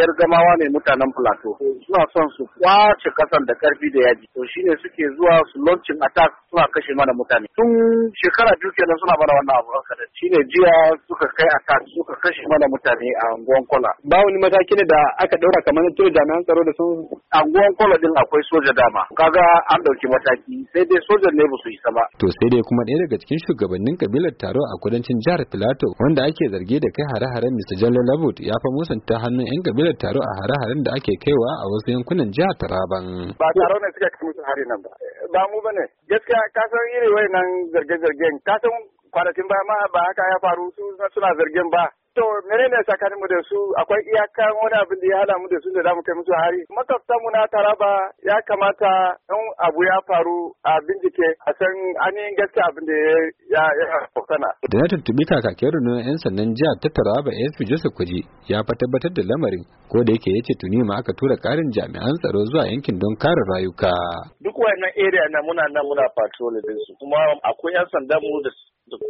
yar gamawa ne mutanen plateau suna son su kwace kasan da karfi da yaji to shine suke zuwa su launching attack suna kashe mana mutane tun shekara biyu kenan suna mana wannan abu haka shine jiya suka kai attack kashe mana mutane a anguwan kola. Ba wani mataki ne da aka ɗaura kamar na tura jami'an tsaro da sun. Anguwan kola din akwai soja dama. Kaga an ɗauki mataki sai dai sojan ne ba su isa ba. To sai dai kuma ɗaya daga cikin shugabannin kabilar taro a kudancin jihar Filato wanda ake zarge da kai hare-haren Mr. Jallo Labut ya fa musanta hannun 'yan kabilar taro a hare-haren da ake kaiwa a wasu yankunan jihar Taraban. Ba taro ne suka kai musu hari nan ba. Ba mu ba ne. Gaskiya ka san irin wayannan zarge-zargen ka san kwanakin ba ma ba haka ya faru suna zargin ba To menene tsakaninmu da su akwai iyaka wani abin da ya hada mu da su da zamu kai musu hari. mu na Taraba ya kamata in abu ya faru a bincike a san yi gaskiya abin da ya sana. Da na tuntuɓi kakakin 'yan sannan jihar ta Taraba ASP Joseph Kuje ya fa tabbatar da lamarin ko da yake yace tuni ma aka tura ƙarin jami'an tsaro zuwa yankin don kare rayuka. Duk wayannan area na muna nan muna patrol din su kuma akwai 'yan sandan mu da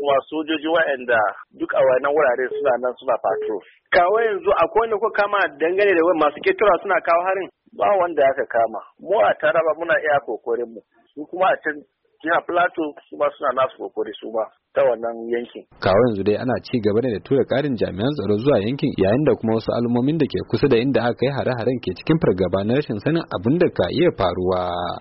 kuma sojoji waɗanda duk a wannan wurare suna nan suna fato. Kawo yanzu akwai kone ko kama dangane da masu ketura suna kawo harin? Ba wanda aka kama. Mu a Taraba muna iya kokorin mu. Su kuma a can jiha Plateau su ma suna nasu kokori su ba ta wannan yankin. Kawo yanzu dai ana ci gaba ne da tura karin jami'an tsaro zuwa yankin yayin da kuma wasu al'ummomin da ke kusa da inda aka yi hare-haren ke cikin fargaba na rashin sanin abin da ka iya faruwa.